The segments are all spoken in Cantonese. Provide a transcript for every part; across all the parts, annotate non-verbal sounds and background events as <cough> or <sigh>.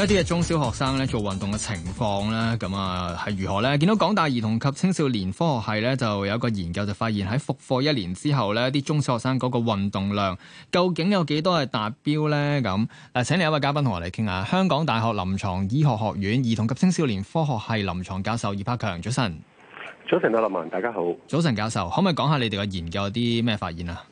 一啲嘅中小學生咧做運動嘅情況咧，咁啊係如何咧？見到港大兒童及青少年科學系咧就有個研究，就發現喺復課一年之後咧，啲中小學生嗰個運動量究竟有幾多係達標咧？咁嗱，請嚟一位嘉賓同我哋傾下。香港大學臨床醫學學院兒童及青少年科學系臨床教授葉柏強，早晨。早晨啊，林文，大家好。早晨，教授，可唔可以講下你哋嘅研究啲咩發現啊？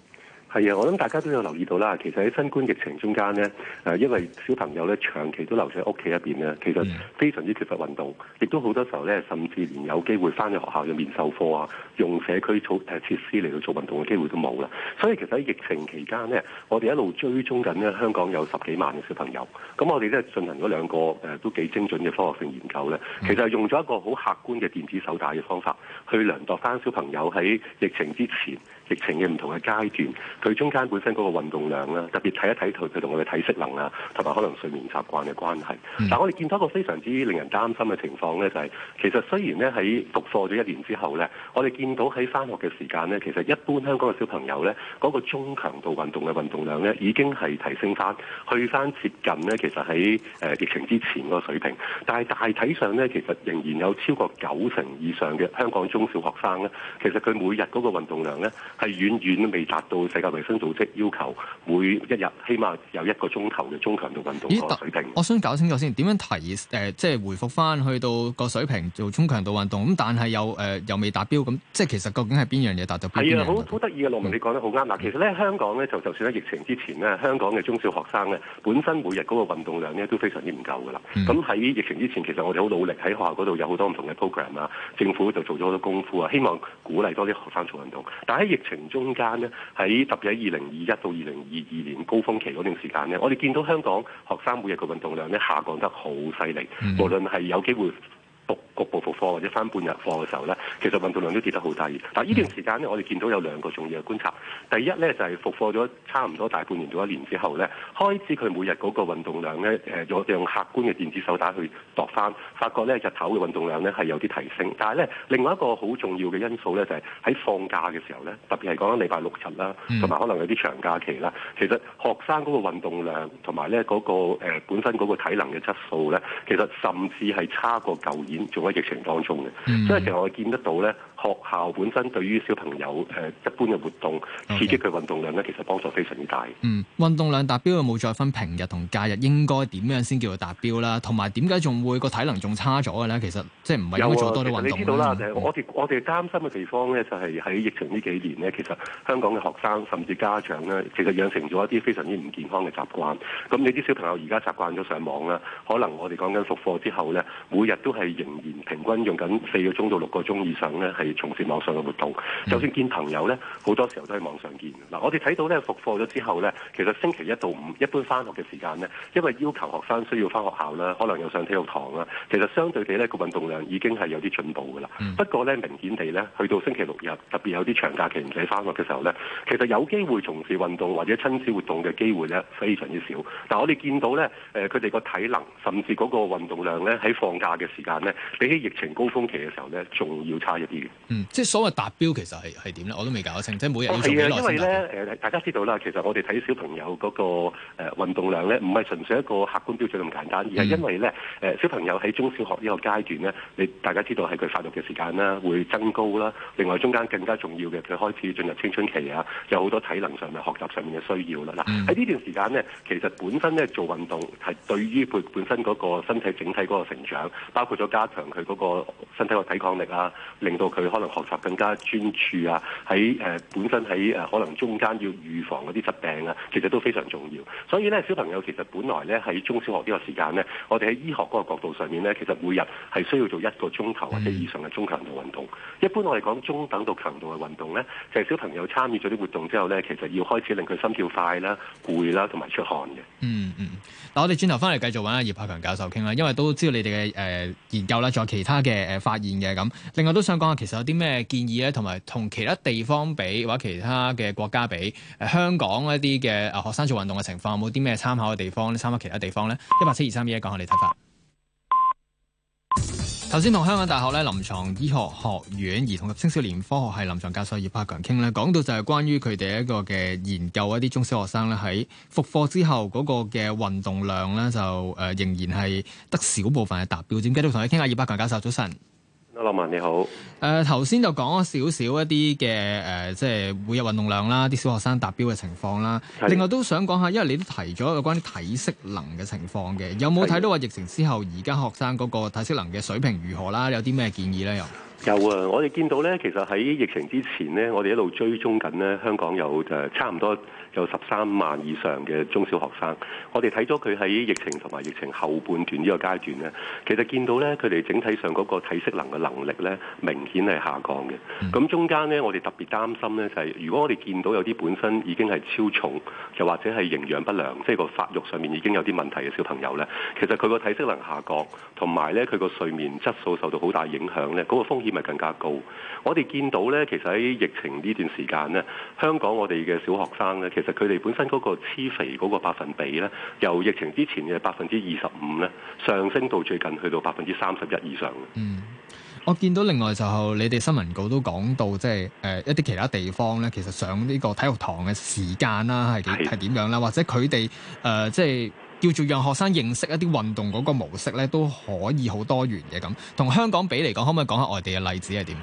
係啊，我諗大家都有留意到啦。其實喺新冠疫情中間咧，誒因為小朋友咧長期都留喺屋企入邊咧，其實非常之缺乏運動。亦都好多時候咧，甚至連有機會翻去學校嘅面授課啊，用社區措誒設施嚟到做運動嘅機會都冇啦。所以其實喺疫情期間咧，我哋一路追蹤緊咧，香港有十幾萬嘅小朋友。咁我哋咧進行咗兩個誒都幾精準嘅科學性研究咧，其實係用咗一個好客觀嘅電子手帶嘅方法去量度翻小朋友喺疫情之前，疫情嘅唔同嘅階段，佢中間本身嗰個運動量啦，特別睇一睇佢佢同佢嘅體適能啊，同埋可能睡眠習慣嘅關係。但我哋見到一個非常之令人擔心嘅情況呢，就係、是、其實雖然呢，喺復課咗一年之後呢，我哋見到喺返學嘅時間呢，其實一般香港嘅小朋友呢，嗰個中強度運動嘅運動量呢，已經係提升返，去返接近呢。其實喺誒疫情之前嗰個水平。但係大體上呢，其實仍然有超過九成以上嘅香港中小學生呢，其實佢每日嗰個運動量呢，係遠遠都未達到世界衞生組織要求，每一日起碼有一個鐘頭嘅中強度運動個水平。我想搞清楚先，點樣提誒、呃，即係回復翻去到個水平做中強度運動？咁但係又誒、呃，又未達標咁，即係其實究竟係邊樣嘢達到邊樣？係啊，好好得意嘅羅文，你講得好啱。嗱，其實咧，香港咧就就算喺疫情之前咧，香港嘅中小學生咧，本身每日嗰個運動量咧都非常之唔夠㗎啦。咁、嗯、喺疫情之前，其實我哋好努力喺學校嗰度有好多唔同嘅 program 啊，政府就做咗好多功夫啊，希望鼓勵多啲學生做運動。但喺疫程中間咧，喺特別喺二零二一到二零二二年高峰期嗰段時間咧，我哋見到香港學生每日嘅運動量咧下降得好犀利，無論係有機會。復局部復課或者翻半日課嘅時候咧，其實運動量都跌得好低。但係，呢段時間咧，我哋見到有兩個重要嘅觀察。第一咧就係、是、復課咗差唔多大半年到一年之後咧，開始佢每日嗰個運動量咧，誒、呃，我用客觀嘅電子手帶去度翻，發覺咧日頭嘅運動量咧係有啲提升。但係咧，另外一個好重要嘅因素咧就係、是、喺放假嘅時候咧，特別係講緊禮拜六日啦，同埋可能有啲長假期啦。其實學生嗰個運動量同埋咧嗰個、呃、本身嗰個體能嘅質素咧，其實甚至係差過舊年。仲喺疫情當中嘅，所以其實我見得到咧。學校本身對於小朋友誒、呃、一般嘅活動，刺激佢運動量咧，其實幫助非常之大。嗯，運動量達標有冇再分平日同假日？應該點樣先叫做達標啦？同埋點解仲會個體能仲差咗嘅咧？其實即係唔係有咗多啲運動咧？有啊、你知道啦、嗯就係，我哋我哋擔心嘅地方咧，就係喺疫情呢幾年咧，其實香港嘅學生甚至家長咧，其實養成咗一啲非常之唔健康嘅習慣。咁你啲小朋友而家習慣咗上網啦，可能我哋講緊復課之後咧，每日都係仍然平均用緊四個鐘到六個鐘以上咧，係。 <noise> <noise> 從事網上嘅活動，就算見朋友呢，好多時候都喺網上見。嗱，我哋睇到呢，復課咗之後呢，其實星期一到五一般翻學嘅時間呢，因為要求學生需要翻學校啦，可能又上體育堂啊，其實相對地呢，個運動量已經係有啲進步噶啦。 <noise> 不過呢，明顯地呢，去到星期六日，特別有啲長假期唔使翻學嘅時候呢，其實有機會從事運動或者親子活動嘅機會呢，非常之少。但我哋見到呢，誒佢哋個體能甚至嗰個運動量呢，喺放假嘅時間呢，比起疫情高峰期嘅時候呢，仲要差一啲。嗯、即係所謂達標其實係係點咧？我都未搞清，即係每日要做幾耐。因為咧誒、呃，大家知道啦，其實我哋睇小朋友嗰個誒、呃、運動量咧，唔係純粹一個客觀標準咁簡單，而係因為咧誒、呃、小朋友喺中小學呢個階段咧，你大家知道係佢發育嘅時間啦，會增高啦。另外中間更加重要嘅，佢開始進入青春期啊，有好多體能上面、學習上面嘅需要啦。嗱喺呢段時間咧，其實本身咧，做運動係對於本本身嗰個身體整體嗰個成長，包括咗加強佢嗰個身體個抵抗力啊，令到佢可能學習更加專注啊，喺誒、呃、本身喺誒、呃、可能中間要預防嗰啲疾病啊，其實都非常重要。所以咧，小朋友其實本來咧喺中小學呢個時間咧，我哋喺醫學嗰個角度上面咧，其實每日係需要做一個鐘頭或者以上嘅中強度運動。嗯、一般我哋講中等到強度嘅運動咧，就係、是、小朋友參與咗啲活動之後咧，其實要開始令佢心跳快啦、啊、攰啦同埋出汗嘅。嗯嗯，嗱，我哋轉頭翻嚟繼續揾阿葉柏強教授傾啦，因為都知道你哋嘅誒研究啦，仲有其他嘅誒、呃、發現嘅咁。另外都想講下其實。啲咩建議咧，同埋同其他地方比，或者其他嘅國家比，香港一啲嘅學生做運動嘅情況，有冇啲咩參考嘅地方？你參考其他地方咧？17231, 一八七二三一，講下你睇法。頭先同香港大學咧臨床醫學學院兒童及青少年科學系臨床教授葉柏強傾咧，講到就係關於佢哋一個嘅研究，一啲中小學生咧喺復課之後嗰個嘅運動量咧，就誒、呃、仍然係得少部分係達標。點解？都同你傾下？葉柏強教授，早晨。阿樂文你好，誒頭先就講咗少少一啲嘅誒，即、呃、係、就是、每日運動量啦，啲小學生達標嘅情況啦。另外都想講下，因為你都提咗有關於體適能嘅情況嘅，有冇睇到話疫情之後而家學生嗰個體適能嘅水平如何啦？有啲咩建議咧？又有啊，我哋見到咧，其實喺疫情之前咧，我哋一路追蹤緊咧，香港有誒差唔多。有十三萬以上嘅中小學生，我哋睇咗佢喺疫情同埋疫情後半段呢個階段咧，其實見到咧，佢哋整體上嗰個體適能嘅能力咧，明顯係下降嘅。咁中間咧，我哋特別擔心咧，就係如果我哋見到有啲本身已經係超重，又或者係營養不良，即係個發育上面已經有啲問題嘅小朋友咧，其實佢個體適能下降，同埋咧，佢個睡眠質素受到好大影響咧，嗰個風險咪更加高。我哋見到咧，其實喺疫情呢段時間咧，香港我哋嘅小學生咧，其實佢哋本身嗰個黐肥嗰個百分比咧，由疫情之前嘅百分之二十五咧，上升到最近去到百分之三十一以上。嗯，我見到另外就後，你哋新聞稿都講到，即係誒一啲其他地方咧，其實上呢個體育堂嘅時間啦，係係點樣啦，或者佢哋誒即係叫做讓學生認識一啲運動嗰個模式咧，都可以好多元嘅咁。同香港比嚟講，可唔可以講下外地嘅例子係點？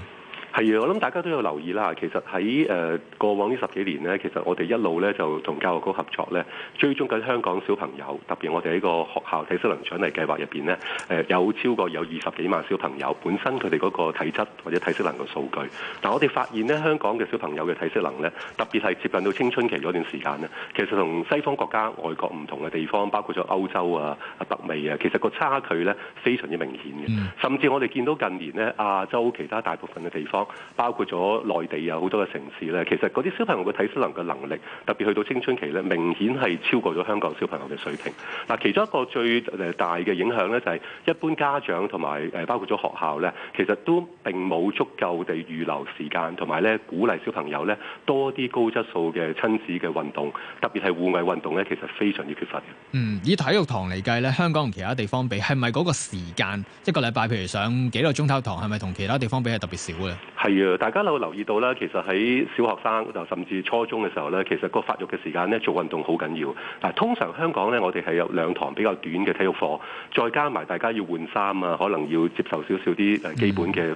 係啊，我諗大家都有留意啦。其實喺誒過往呢十幾年呢，其實我哋一路咧就同教育局合作咧，追蹤緊香港小朋友，特別我哋喺個學校體適能獎勵計劃入邊呢，誒有超過有二十幾萬小朋友本身佢哋嗰個體質或者體適能嘅數據。但我哋發現呢，香港嘅小朋友嘅體適能呢，特別係接近到青春期嗰段時間呢，其實同西方國家、外國唔同嘅地方，包括咗歐洲啊、北美啊，其實個差距呢非常之明顯嘅。甚至我哋見到近年呢，亞洲其他大部分嘅地方，包括咗內地有好多嘅城市呢，其實嗰啲小朋友嘅體適能嘅能力，特別去到青春期呢，明顯係超過咗香港小朋友嘅水平。嗱，其中一個最大嘅影響呢，就係一般家長同埋誒包括咗學校呢，其實都並冇足夠地預留時間，同埋呢鼓勵小朋友呢多啲高質素嘅親子嘅運動，特別係戶外運動呢，其實非常之缺乏嘅。嗯，以體育堂嚟計呢，香港同其他地方比，係咪嗰個時間一個禮拜，譬如上幾個鐘頭堂，係咪同其他地方比係特別少嘅？係啊，大家有留意到啦，其實喺小學生就甚至初中嘅時候呢，其實個發育嘅時間呢，做運動好緊要。但係通常香港呢，我哋係有兩堂比較短嘅體育課，再加埋大家要換衫啊，可能要接受少少啲基本嘅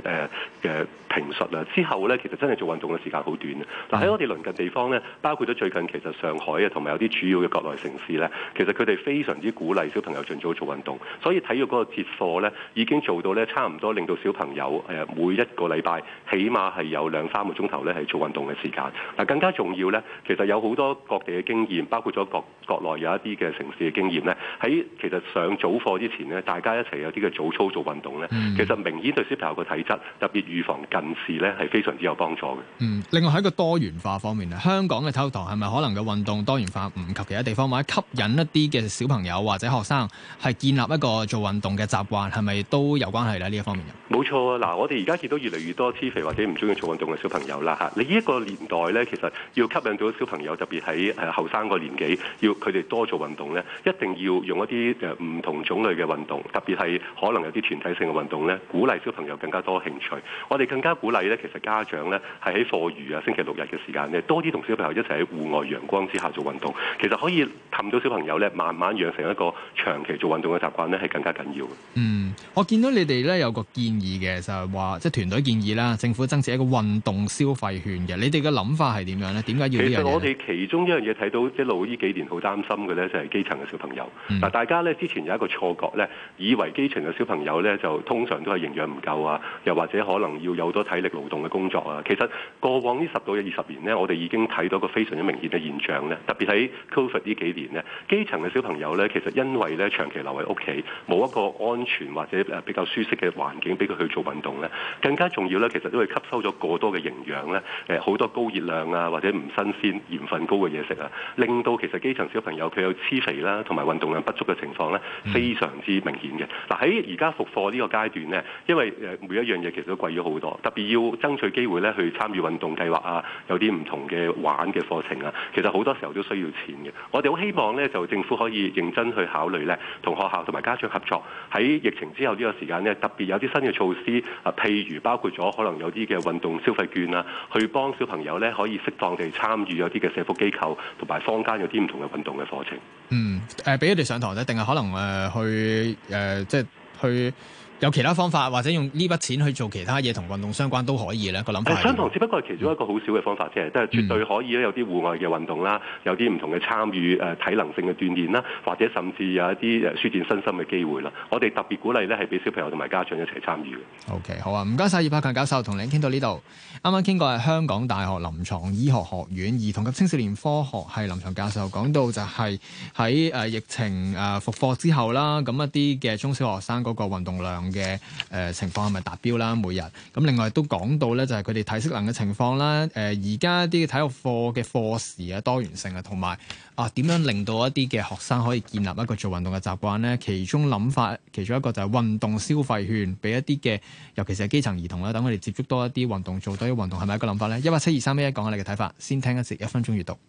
誒嘅評述啊。之後呢，其實真係做運動嘅時間好短。但喺我哋鄰近地方呢，包括咗最近其實上海啊，同埋有啲主要嘅國內城市呢，其實佢哋非常之鼓勵小朋友儘早做運動，所以體育嗰個節課呢已經做到呢，差唔多，令到小朋友誒每一個禮拜。起碼係有兩三個鐘頭呢係做運動嘅時間。嗱，更加重要呢，其實有好多各地嘅經驗，包括咗國國內有一啲嘅城市嘅經驗呢，喺，其實上早課之前呢，大家一齊有啲嘅早操做運動呢、嗯、其實明顯對小朋友嘅體質，特別預防近視呢係非常之有幫助嘅。嗯，另外喺個多元化方面呢，香港嘅體育堂係咪可能嘅運動多元化唔及其他地方，或者吸引一啲嘅小朋友或者學生係建立一個做運動嘅習慣，係咪都有關係呢？嗯、呢一方面冇錯啊！嗱，我哋而家見到越嚟越多或者唔中意做運動嘅小朋友啦，嚇，你呢一個年代呢，其實要吸引到小朋友，特別喺誒後生個年紀，要佢哋多做運動呢，一定要用一啲誒唔同種類嘅運動，特別係可能有啲團體性嘅運動呢，鼓勵小朋友更加多興趣。我哋更加鼓勵呢，其實家長呢係喺課餘啊、星期六日嘅時間呢，多啲同小朋友一齊喺戶外陽光之下做運動，其實可以氹到小朋友呢，慢慢養成一個長期做運動嘅習慣呢，係更加緊要的。嗯，我見到你哋呢，有個建議嘅，就係話即係團隊建議啦。政府增設一個運動消費券嘅，你哋嘅諗法係點樣呢？點解要呢樣嘢？其實我哋其中一樣嘢睇到即一路呢幾年好擔心嘅呢，就係基層嘅小朋友。嗱、嗯，大家呢，之前有一個錯覺呢，以為基層嘅小朋友呢，就通常都係營養唔夠啊，又或者可能要有多體力勞動嘅工作啊。其實過往呢十到廿二十年呢，我哋已經睇到一個非常之明顯嘅現象呢。特別喺 COVID 呢幾年呢，基層嘅小朋友呢，其實因為呢長期留喺屋企，冇一個安全或者比較舒適嘅環境俾佢去做運動呢。更加重要呢，其實都佢、 <music> 嗯、 <music> 吸收咗過多嘅營養咧，誒好多高熱量啊，或者唔新鮮鹽分高嘅嘢食啊，令到其實基層小朋友佢有黐肥啦，同埋運動量不足嘅情況咧，非常之明顯嘅。嗱喺而家復課呢個階段咧，因為誒每一樣嘢其實都貴咗好多，特別要爭取機會咧去參與運動計劃啊，有啲唔同嘅玩嘅課程啊，其實好多時候都需要錢嘅。我哋好希望咧就政府可以認真去考慮咧，同學校同埋家長合作喺疫情之後呢個時間咧，特別有啲新嘅措施啊，譬如包括咗可能有。啲嘅運動消費券啊，去幫小朋友咧可以適當地參與有啲嘅社福機構同埋坊間有啲唔同嘅運動嘅課程。嗯、呃，誒俾佢哋上堂咧，定係可能誒去誒即係去。有其他方法，或者用呢筆錢去做其他嘢同運動相關都可以咧、嗰個諗法。相同，只不過係其中一個好少嘅方法啫，即、嗯、係、就係、絕對可以有啲戶外嘅運動啦，有啲唔同嘅參與誒、呃、體能性嘅鍛鍊啦，或者甚至有一啲舒展身心嘅機會啦。我哋特別鼓勵咧係俾小朋友同埋家長一齊參與 O、okay, K，好啊，唔該晒。葉柏強教授，同你傾到呢度。啱啱傾過係香港大學臨床醫學學院兒童及青少年科學系臨床教授講到就係喺誒疫情誒復課之後啦，咁一啲嘅中小學生嗰個運動量，嘅誒、呃、情況係咪達標啦？每日咁，另外都講到咧，就係佢哋體適能嘅情況啦。誒、呃，而家啲體育課嘅課時啊，多元性啊，同埋啊，點樣令到一啲嘅學生可以建立一個做運動嘅習慣咧？其中諗法，其中一個就係運動消費券，俾一啲嘅，尤其是係基層兒童啦，等佢哋接觸多一啲運動，做多啲運動，係咪一個諗法咧？一八七二三一一，講下你嘅睇法，先聽一節一分鐘閲讀。